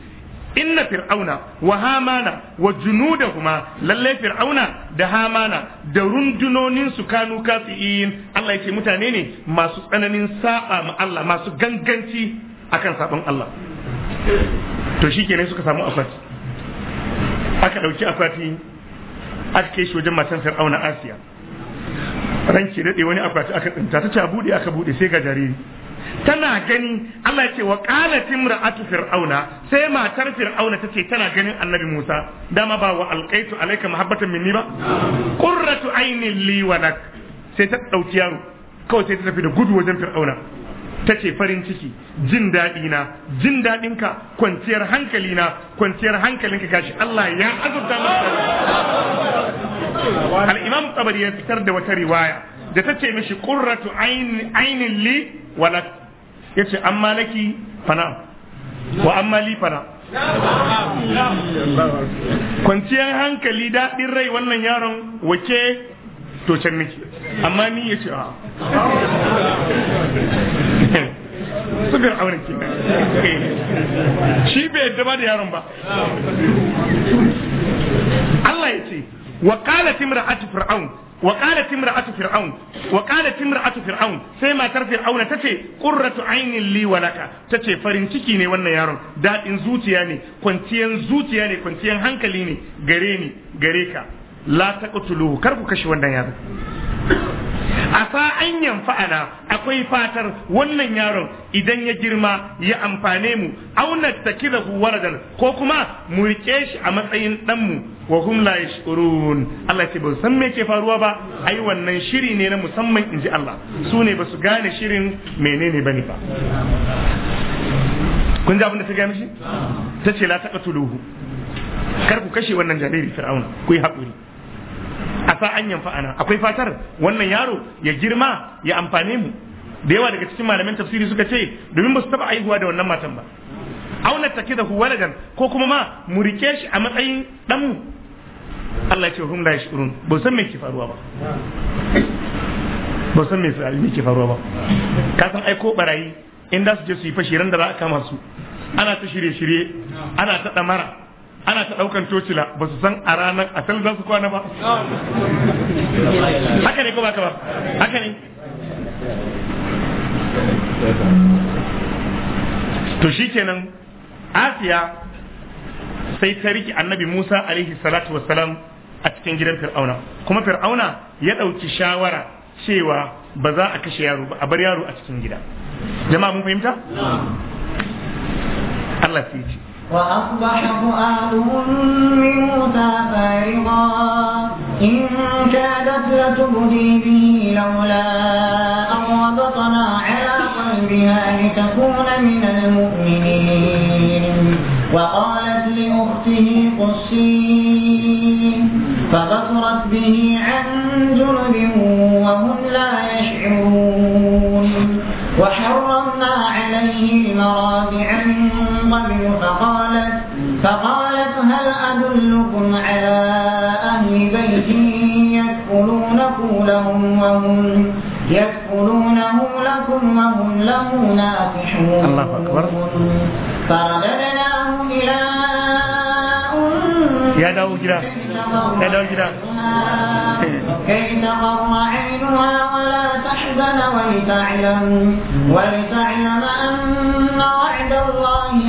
A: inna fir'auna wa hamana wa junudahuma lalle fir'auna da hamana da rundunonin su kanu kafi'in Allah yake mutane ne masu tsananin saba ma Allah masu ganganci akan sabon Allah to shikenan suka samu akwati aka dauki akwati aka kai shi wajen matan fir'auna Asiya ranki daɗe wani akwati aka tsinta ta ce buɗe aka buɗe sai ga jariri tana gani Allah ce wa timra ra'atu fir'auna sai matar fir'auna tace tana ganin annabi Musa dama ba wa alqaitu alayka mahabbatan minni ba qurratu aynin li wa lak sai ta dauki yaro kawai sai ta tafi da gudu wajen fir'auna ta ce farin ciki jin daɗi na jin daɗinka kwanciyar hankali na kwanciyar hankalinka gashi Allah ya azurta masa al-imam tabari ya fitar da wata riwaya da ta ce mishi qurratu ainin li wala yace amma laki fana wa amma li fana kwanciyar hankali daɗin rai wannan yaron wake to can nake amma ni ya ce ah. a auren ke kenan shi bai yadda ba da yaron ba Allah ya ce wa Timra imra'atu fir'aun wa qalat imra'atu fir'aun wa qalat imra'atu fir'aun sai matar fir'auna ce qurratu aynin li wa laka ce farin ciki ne wannan yaron dadin zuciya ne kwanciyan zuciya ne kwanciyan hankali ne gare ni gare ka la taqtuluhu kar ku kashe wannan a sa an yanfa'ana akwai fatar wannan yaron idan ya girma ya amfane mu auna takidahu waradan ko kuma mu rike shi a matsayin dan mu wa hum la yashurun Allah ce ba san me ke faruwa ba ai wannan shiri ne na musamman inji Allah su ne ba su gane shirin menene bane ba kun ji abin da ta gaya mishi ta ce la taqtuluhu kar ku kashe wannan jariri fir'auna ku yi haƙuri sa an yanfa ana akwai fatar wannan yaro ya girma ya amfane mu da yawa daga cikin malamin tafsiri suka ce domin ba su taba aihuwa da wannan matan ba auna take da waladan ko kuma ma mu rike shi a matsayin danmu Allah ya ce hum la yashurun ba san me ke faruwa ba ba san me ke faruwa ba ka san aiko barayi in da su je su yi fashi ran da za a kama su ana ta shirye-shirye ana ta damara ana ta daukan tocila ba su san a ranar a za su kwana ba haka ne ko baka ba haka ne to shikenan asiya sai ta riki annabi musa alaihi salatu wassalam a cikin gidan fir'auna kuma fir'auna ya ɗauki shawara cewa ba za a kashe yaro ba a bar yaro a cikin gida jama'a mun fahimta Allah sai ce
B: وأصبح فؤاد من موسى فارغا إن كادت لتبدي به لولا أن ربطنا على قلبها لتكون من المؤمنين وقالت لأخته قصي فبصرت به عن جنب وهم لا يشعرون وحرمنا عليه المرابع من قبل فقالت فقالت هل أدلكم على أهل بيت يكفلونه لهم وهم يكفلونه لكم وهم له ناصحون الله أكبر فرددناه إلى يا
A: داو جرا يا داو جرا
B: كي تقر عينها ولا تحزن ولتعلم ولتعلم أن وعد الله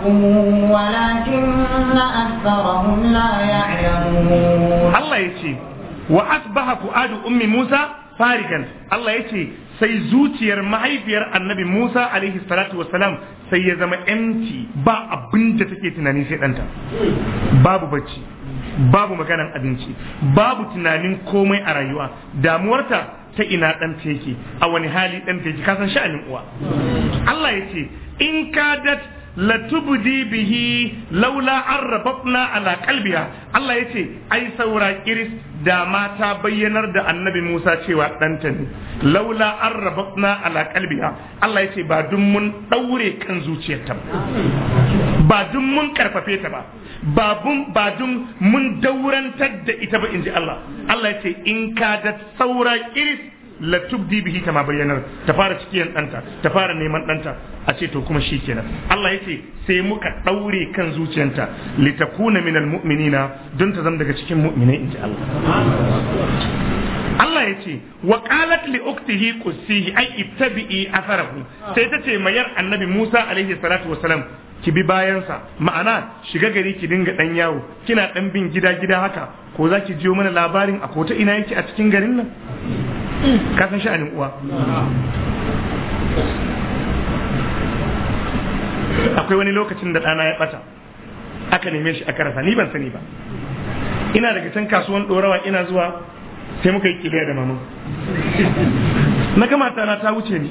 B: يحكمون ولكن أكثرهم لا
A: يعلمون الله يشي وأصبح فؤاد أم موسى فارغا sai zuciyar mahaifiyar annabi Musa alaihi salatu wassalam sai ya zama empty ba abin da take tunani sai ɗanta babu bacci babu maganan abinci babu tunanin komai a rayuwa damuwarta ta ina ɗan yake a wani hali ɗan yake kasan sha'anin uwa Allah ya ce in kadat latubdi bihi laula arrafafna ala qalbiha Allah yace ai saura iris da mata bayyanar da annabi Musa cewa ɗanta ne laula arrafafna ala qalbiha Allah ce ba dun mun daure kan zuciyarta ba dun mun karfafe ta ba ba dun mun daurantar da ita ba inji Allah Allah yace in kadat saura iris. tubdi bihi kama bayyana ta fara cikiyan ɗanta ta fara neman ɗanta a ce to kuma shi kenan Allah yace sai muka ɗaure kan zuciyanta litakuna minal mu'minina don ta zama daga cikin mu'minai inji Allah Allah ya ce wa qalat li uktihi qusihi ay ittabi'i atharahu sai ta ce mayar annabi Musa alaihi salatu wasalam ki bi bayansa ma'ana shiga gari ki dinga dan yawo kina dan bin gida gida haka ko zaki jiyo mana labarin a kota ina yake a cikin garin nan ka san sha'anin uwa akwai wani lokacin da ɗana ya ɓata aka neme shi aka rasa ni ban sani ba ina daga can kasuwan ɗorawa ina zuwa sai muka yi kiliya da mama na kamata na ta wuce ni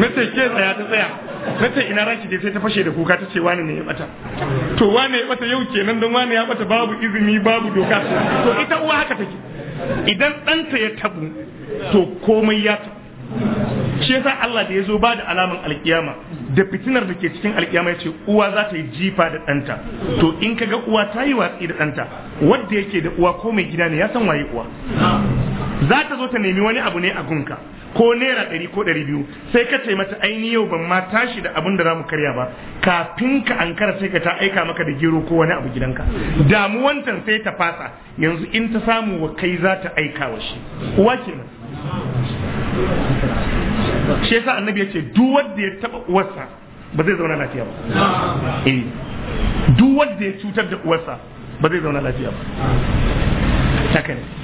A: mace ke tsaya ta tsaya mace ina ranki dai sai ta fashe da kuka ta ce wani ne ya bata to wani ya bata yau kenan don wani ya bata babu izini babu doka to ita uwa haka take idan ɗanta ya tabu to komai ya tabu shi yasa Allah da ya zo ba da alamun alkiyama da fitinar da ke cikin alkiyama ya ce uwa za ta yi jifa da ɗanta to in ka ga uwa ta yi watsi da ɗanta wadda yake da uwa ko mai gida ne ya san waye uwa za ta zo ta nemi wani abu ne a gunka ko naira ɗari ko ɗari biyu sai ka ce mata aini yau ban ma tashi da abin da za mu karya ba kafin ka ankara sai ka ta aika maka da gero ko wani abu gidanka damuwantan sai ta fasa yanzu in ta samu wa kai za ta aika wa shi uwa kenan shi yasa annabi ya ce duk wanda ya taba uwarsa ba zai zauna lafiya ba eh duk wanda ya cutar da uwarsa ba zai zauna lafiya ba haka ne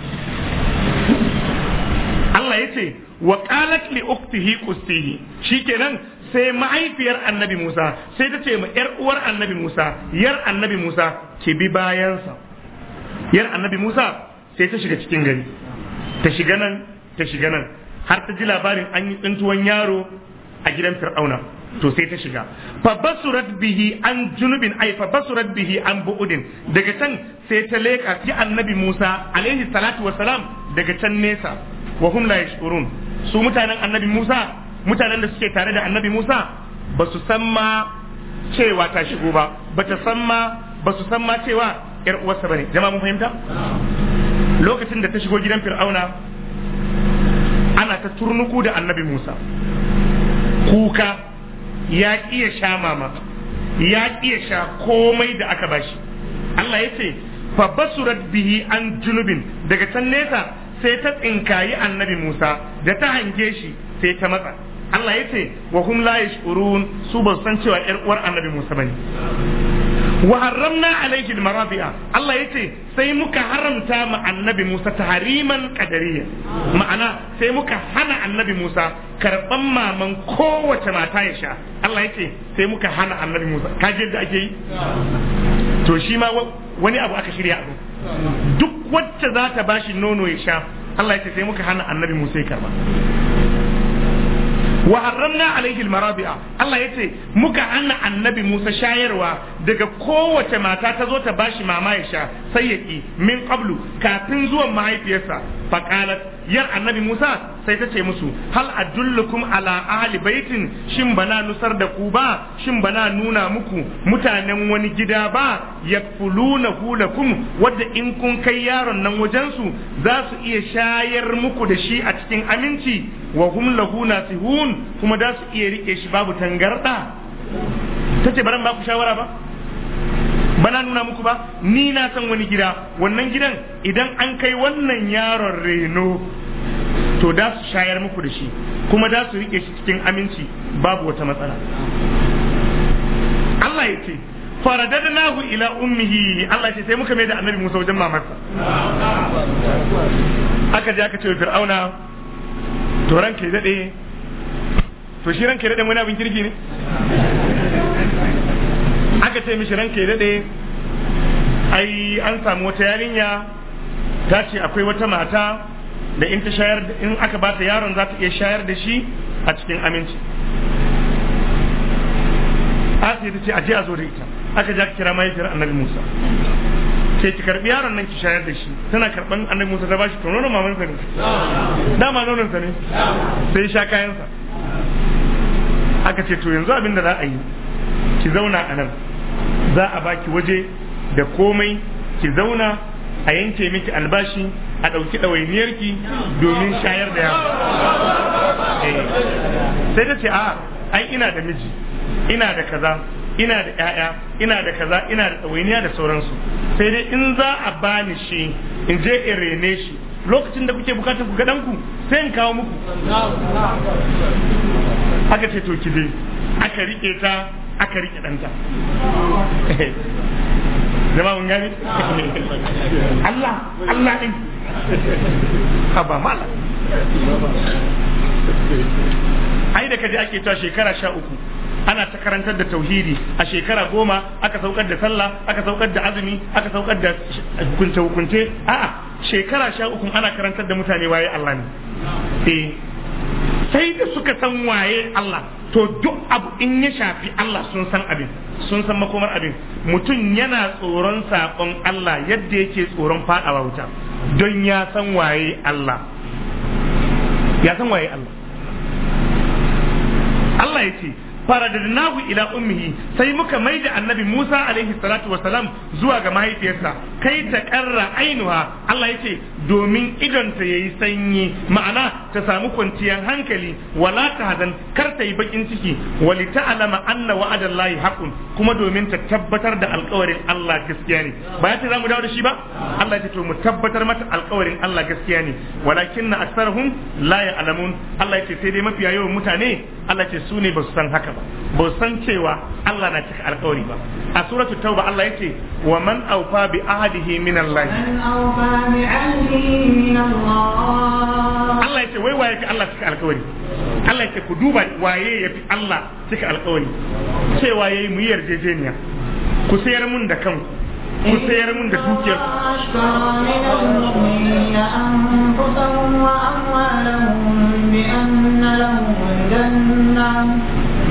A: yace wa qalat li uktihi qustihi shikenan sai mahaifiyar annabi Musa sai ta ce ma yar uwar annabi Musa yar annabi Musa ki bi bayansa yar annabi Musa sai ta shiga cikin gari ta shiga nan ta shiga nan har ta ji labarin an yi tsintuwan yaro a gidan fir'auna to sai ta shiga fa basurat bihi an junubin ay fa basurat bihi an bu'udin daga can sai ta leka ki annabi Musa alaihi salatu wassalam daga can nesa wa hum la yashkurun su mutanen annabi Musa mutanen da suke tare da annabi Musa ba su san ma cewa ta shigo ba ba ta san ma ba su san ma cewa yar uwarsa bane jama'a mun fahimta lokacin da ta shigo gidan Fir'auna ana ta turnuku da annabi Musa kuka ya iya sha mama ya iya sha komai da aka bashi Allah ya ce fa basurat bihi an junubin daga can nesa sai ta tsinkayi annabi Musa da ta hange shi sai ta matsa Allah ya ce wa hum la yashkurun su ba san cewa yar uwar annabi Musa bane wa haramna alaihi almarabi'a Allah ya ce sai muka haramta ma annabi Musa tahriman qadariyya ma'ana sai muka hana annabi Musa karban maman kowace mata ya sha Allah ya ce sai muka hana annabi Musa kaje da ake yi to shi ma wani abu aka shirya abu duk wacce za ta bashi nono ya sha Allah ya ce sai muka hana annabi Musa ya karba wa harramna alaihi almarabi'a Allah yace muka hana annabi Musa shayarwa daga kowace mata ta zo ta bashi mama ya sha sai ya ki min qablu kafin zuwan mahaifiyarsa faqalat yar annabi Musa sai ta ce musu hal adullukum ala ahli baitin shin bana nusar da ku ba shin bana nuna muku mutanen wani gida ba yakfuluna hulakum wadda in kun kai yaron nan wajen su za su iya shayar muku da shi a cikin aminci wa hum lahu nasihun kuma za su iya rike shi babu tangarda tace baran ba ku shawara ba bana nuna muku ba ni na san wani gida wannan gidan idan an kai wannan yaron reno to da su shayar muku da shi kuma da su rike shi cikin aminci babu wata matsala Allah ya ce faradadnahu ila ummihi Allah ce sai muka mai da annabi Musa wajen mamarsa aka je aka ce fir'auna to ranka ya dade to shi ranka ya dade muna bin kirki ne aka ce mishi ranka ya daɗe ai an samu wata yarinya ta ce akwai wata mata da in ta shayar in aka ba ta yaron za ta iya shayar da shi a cikin aminci asiya ta ce aje a zo da ita aka ja kira mahaifiyar annabi musa ke ki karbi yaron nan ki shayar da shi tana karban annabi musa ta bashi to nonon maman sa ne dama nonon sa ne sai sha kayansa aka ce to yanzu abin da za a yi ki zauna a nan za a baki waje da komai ki zauna a yanke miki albashi a ɗauki ɗawainiyarki domin shayar da yaro eh. sai ta ce a ai ina da miji ina da kaza ina da ‘ya'ya ina da kaza ina da ɗawainiya da sauransu sai dai in za a bani shi in je in rene shi lokacin da kuke bukatar ku ku sai in kawo muku aka ce to ki dai aka riƙe ta aka rike ɗanta zama mun gani Allah Allah ɗin ba mala ai da kaji ake ta shekara sha uku ana ta karantar da tauhidi a shekara goma aka saukar da sallah aka saukar da azumi aka saukar da hukunce hukunce a'a shekara sha uku ana karantar da mutane waye Allah ne eh sai da suka san waye Allah to duk abu in ya shafi Allah sun san abin sun san makomar abin mutum yana tsoron saƙon Allah yadda yake tsoron faɗawa wuta don ya san waye Allah ya san waye Allah Allah ya faradadnahu ila ummihi sai muka maida annabi Musa alaihi salatu wasalam zuwa ga mahaifiyarsa kai ta karra ainuha Allah yace domin idonta yayi sanyi ma'ana ta samu kwanciyar hankali wala ta hadan kar ta yi bakin ciki wali alama anna wa'adallahi haqqun kuma domin ta tabbatar da alƙawarin Allah gaskiya ne ba ya ce za mu dawo da shi ba Allah ya ce to mu tabbatar mata alƙawarin Allah gaskiya ne walakinna aksarhum la ya'lamun Allah ya ce sai dai mafiya yawan mutane Allah ya ce su ne ba su san haka ba ba san cewa Allah na cika alkawari ba a suratu tauba Allah yace wa man awfa bi ahdihi min Allah Allah yace wai waye Allah cika alkawari Allah yace ku duba waye yafi Allah cika alkawari cewa yayi mu yarjejeniya ku sayar mun da kanku ku sayar mun da dukiyar
B: ku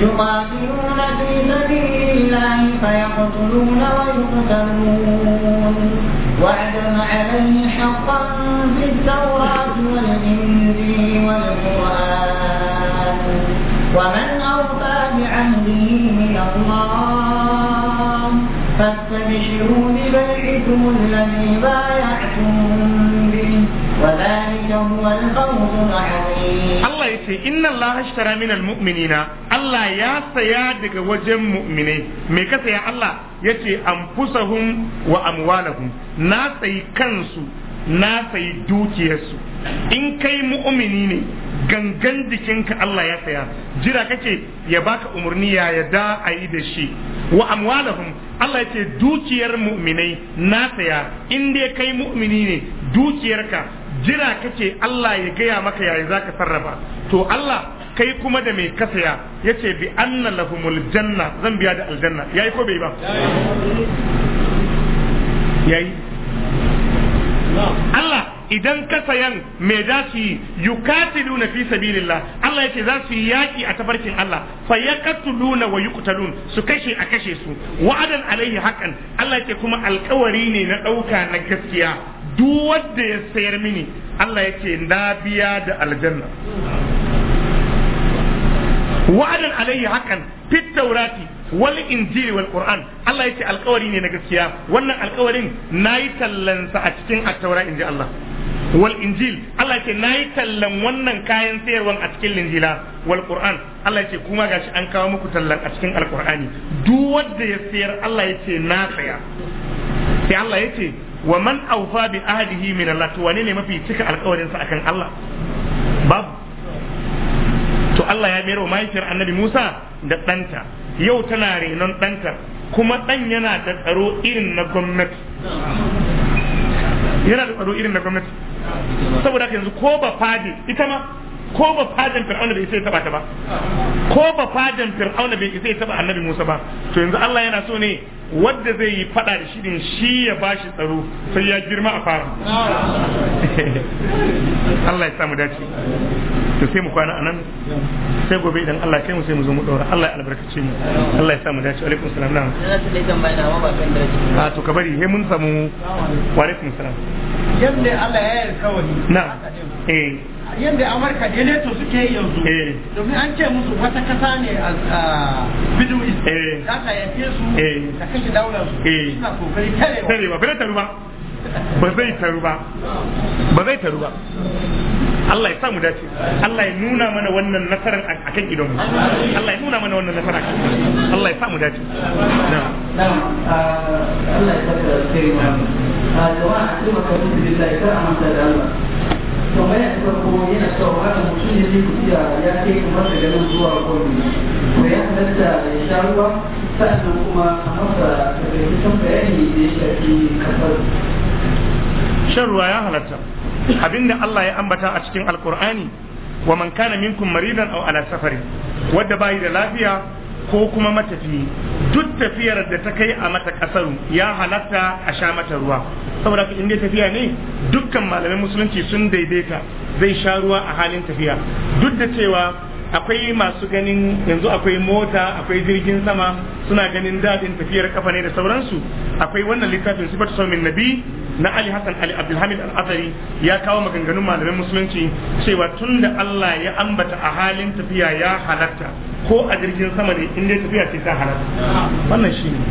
B: يقاتلون في سبيل الله فيقتلون ويقتلون وعدا عليه حقا في التوراة والإنجيل والقرآن ومن أوفى بعهده من الله فاستبشروا ببيعكم الذي بايعتم به وذلك هو
A: الفوز العظيم الله يسي إن الله اشترى من المؤمنين Allah ya saya daga wajen mu'minai me ka saya Allah yace anfusahum wa amwalahum na sayi kansu na sayi dukiyarsu in kai mu'mini ne gangan jikinka Allah ya saya jira kake ya baka umarni ya yadda a yi da shi wa amwalahum Allah yace dukiyar mu'minai na saya in dai kai mu'mini ne dukiyarka jira kake Allah ya gaya maka yayi zaka sarrafa to Allah kai kuma da mai kasaya ce bi anna lahumul janna zan biya da aljanna yi ko bai ba yi? Allah idan kasayan me za su yi yuqatiluna fi sabilillah Allah yake za su yi yaki a tabarkin Allah fa yaqtuluna wa yuqtalun su kashe a kashe su wa'adan alaihi haqqan Allah yake kuma alkawari ne na ɗauka na gaskiya duk wanda ya sayar mini Allah yake na biya da aljanna wa'adan alayhi haqqan fit tawrati wal injili wal qur'an Allah yace alƙawari ne na gaskiya wannan alƙawarin nayi tallan sa a cikin at-taura inji Allah wal injil Allah yace nayi tallan wannan kayan sayarwan a cikin linjila wal qur'an Allah yace kuma gashi an kawo muku tallan a cikin alqur'ani duk wanda ya sayar Allah yace na saya sai Allah yace wa man awfa bi ahdihi min Allah wane ne mafi cika alƙawarin sa akan Allah Allah ya mayar wa mahaifiyar annabi Musa da ɗanta yau tana renon ɗanta kuma ɗan yana da tsaro irin na gwamnati yana da tsaro irin na gwamnati saboda haka yanzu ko ba fadi ita ma ko ba fadan fir'auna bai sai taba ta ba ko ba fadan fir'auna bai sai taba annabi Musa ba to yanzu Allah yana so ne wanda zai yi fada da shi din shi ya bashi tsaro sai ya girma a fara Allah ya samu dace to sai mu kwana anan sai gobe idan Allah kai mu sai mu zo mu daura Allah ya albarkace mu Allah ya samu dace alaikum salam na a to ka bari he mun samu wa alaikum salam
B: yanda Allah ya yi kawai
A: na eh yadda amurka daidai to suke yi yanzu eh. domin an ce musu wata kasa ne a middle east eh. za ta yafe su ta eh. kashe daular su suna kokari tarewa tarewa bai taru ba ba zai taru ba ba zai taru ba Allah ya sa mu dace Allah ya nuna mana wannan nasarar a kan idonmu Allah ya nuna mana wannan nasarar Allah ya sa mu dace ah, Allah ya saka sai ma
B: ah, jama'a kuma ka mutu billahi kar a manta da Allah tambaya ta farko yana cewa wani mutum ya yi tafiya ya kai kamar da garin zuwa kwallo da ya
A: halatta da ya sha ruwa sa'annan kuma a masa tafiyar bayani da ya shafi kafar shan ruwa ya halatta abinda Allah ya ambata a cikin alkur'ani wa man kana minkum maridan aw ala safari wanda bai da lafiya ko kuma matafi duk tafiyar da ta kai a mata ƙasar ya halatta a sha mata ruwa saboda in inda tafiya ne dukkan malamai musulunci sun daidaita zai sha ruwa a halin tafiya duk da cewa akwai masu ganin yanzu akwai mota akwai jirgin sama suna ganin daɗin tafiyar kafa ne da sauransu akwai wannan littafin sifatu saumin nabi na Ali Hassan Ali Abdulhamid Al-Azari ya kawo maganganun malamin musulunci cewa tun da Allah ya ambata a halin tafiya ya halatta ko a jirgin sama ne inda tafiya ce ta halatta wannan shi ne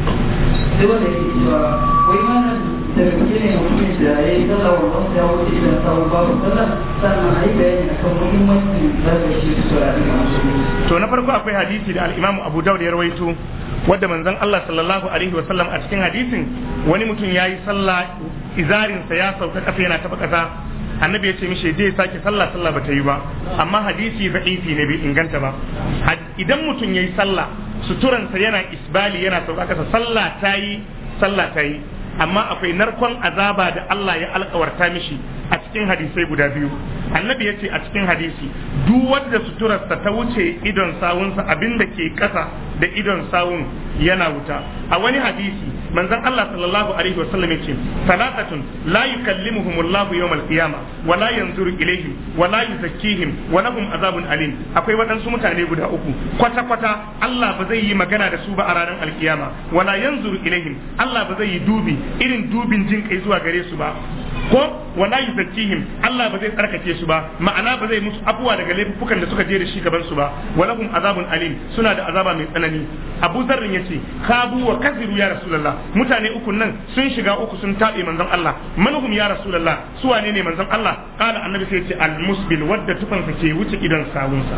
A: To na farko akwai hadisi da al'imam Abu Dawud ya rawaito wadda manzon Allah sallallahu alaihi wa sallam a cikin hadisin wani mutum ya yi sallah izarinsa ya sauka kafa yana taba kasa annabi ya ce mishi zai sake sallah sallah ba ta yi ba amma hadisi da'ifi ne bai inganta ba idan mutum ya yi sallah suturansa yana isbali yana sauka kasa sallah ta yi sallah ta yi amma akwai narkon azaba da Allah ya alkawarta mishi a cikin hadisai guda biyu annabi ya ce a cikin hadisi duk wanda suturarsa ta wuce idon sawunsa abinda ke ƙasa da idon sawun yana wuta a wani hadisi manzon Allah sallallahu alaihi wasallam yace salatatun la yukallimuhumullahu yawmal yawm qiyamah wa la yanzuru ilaihim wa la yuzakkihim wa lahum azabun alim akwai waɗansu mutane guda uku kwata kwata Allah ba zai yi magana da su ba a ranar alkiyama wa la yanzuru ilaihim Allah ba zai yi dubi irin dubin jin kai zuwa gare su ba ko wa la yuzakkihim Allah ba zai tsarkake su ba ma'ana ba zai musu afuwa daga laifukan da suka je da shi gaban su ba walahum azabun alim suna da azaba mai tsanani Abu ya ce kabu wa kaziru ya rasulullah mutane uku nan sun shiga uku sun tabe manzon Allah manhum ya rasulullah su wane ne manzon Allah kana annabi sai ce al musbil wadda tufansa ke wuce idan sawunsa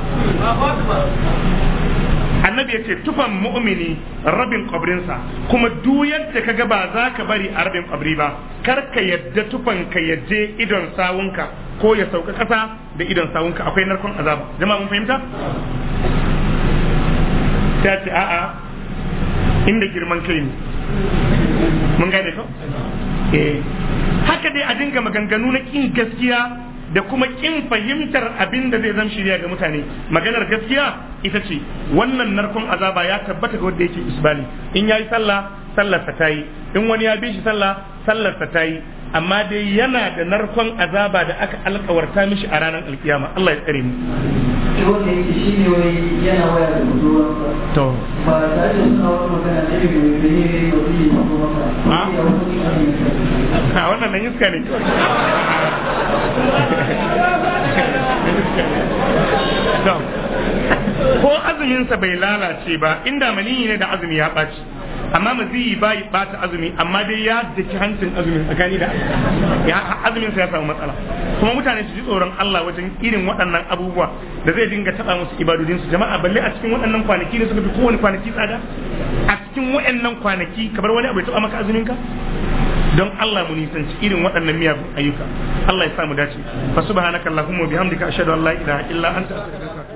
A: annabi ya ce tufan mu'mini rabin kwabrinsa kuma duk yadda kaga ba za ka bari a rabin kwabri ba kar ka yadda tufan ka yaje idon sawunka ko ya sauka kasa da idon sawunka akwai narkon azaba jama'a mun fahimta ta ce a'a inda girman kai ne mun gane ko eh haka dai a dinga maganganu na kin gaskiya da kuma kin fahimtar abin da zai zama shirya ga mutane maganar gaskiya ita ce wannan narkon azaba ya tabbata ga wanda yake isbali in yayi sallah sallarsa ta yi in wani ya bi shi sallah sallarsa ta yi amma dai yana da narkon azaba da aka alkawarta mishi a ranar alkiyama Allah ya tsare mu to a wannan nan iska ne ko azuminsa bai lalace ba inda maniyi ne da azumi ya ɓaci amma maziyi ya bata azumi amma dai ya daki hancin azumin tsakani da ya azumin sa ya samu matsala kuma mutane su ji tsoron Allah wajen irin waɗannan abubuwa da zai dinga taɓa musu ibadodin su jama'a balle a cikin waɗannan kwanaki ne suka fi kowane kwanaki tsada a cikin waɗannan kwanaki kamar wani abu ya taɓa maka azumin ka don Allah mu nisanci irin waɗannan miyagun ayyuka Allah ya samu dace fa subhanaka allahumma bihamdika ashhadu an la ilaha illa anta
C: astaghfiruka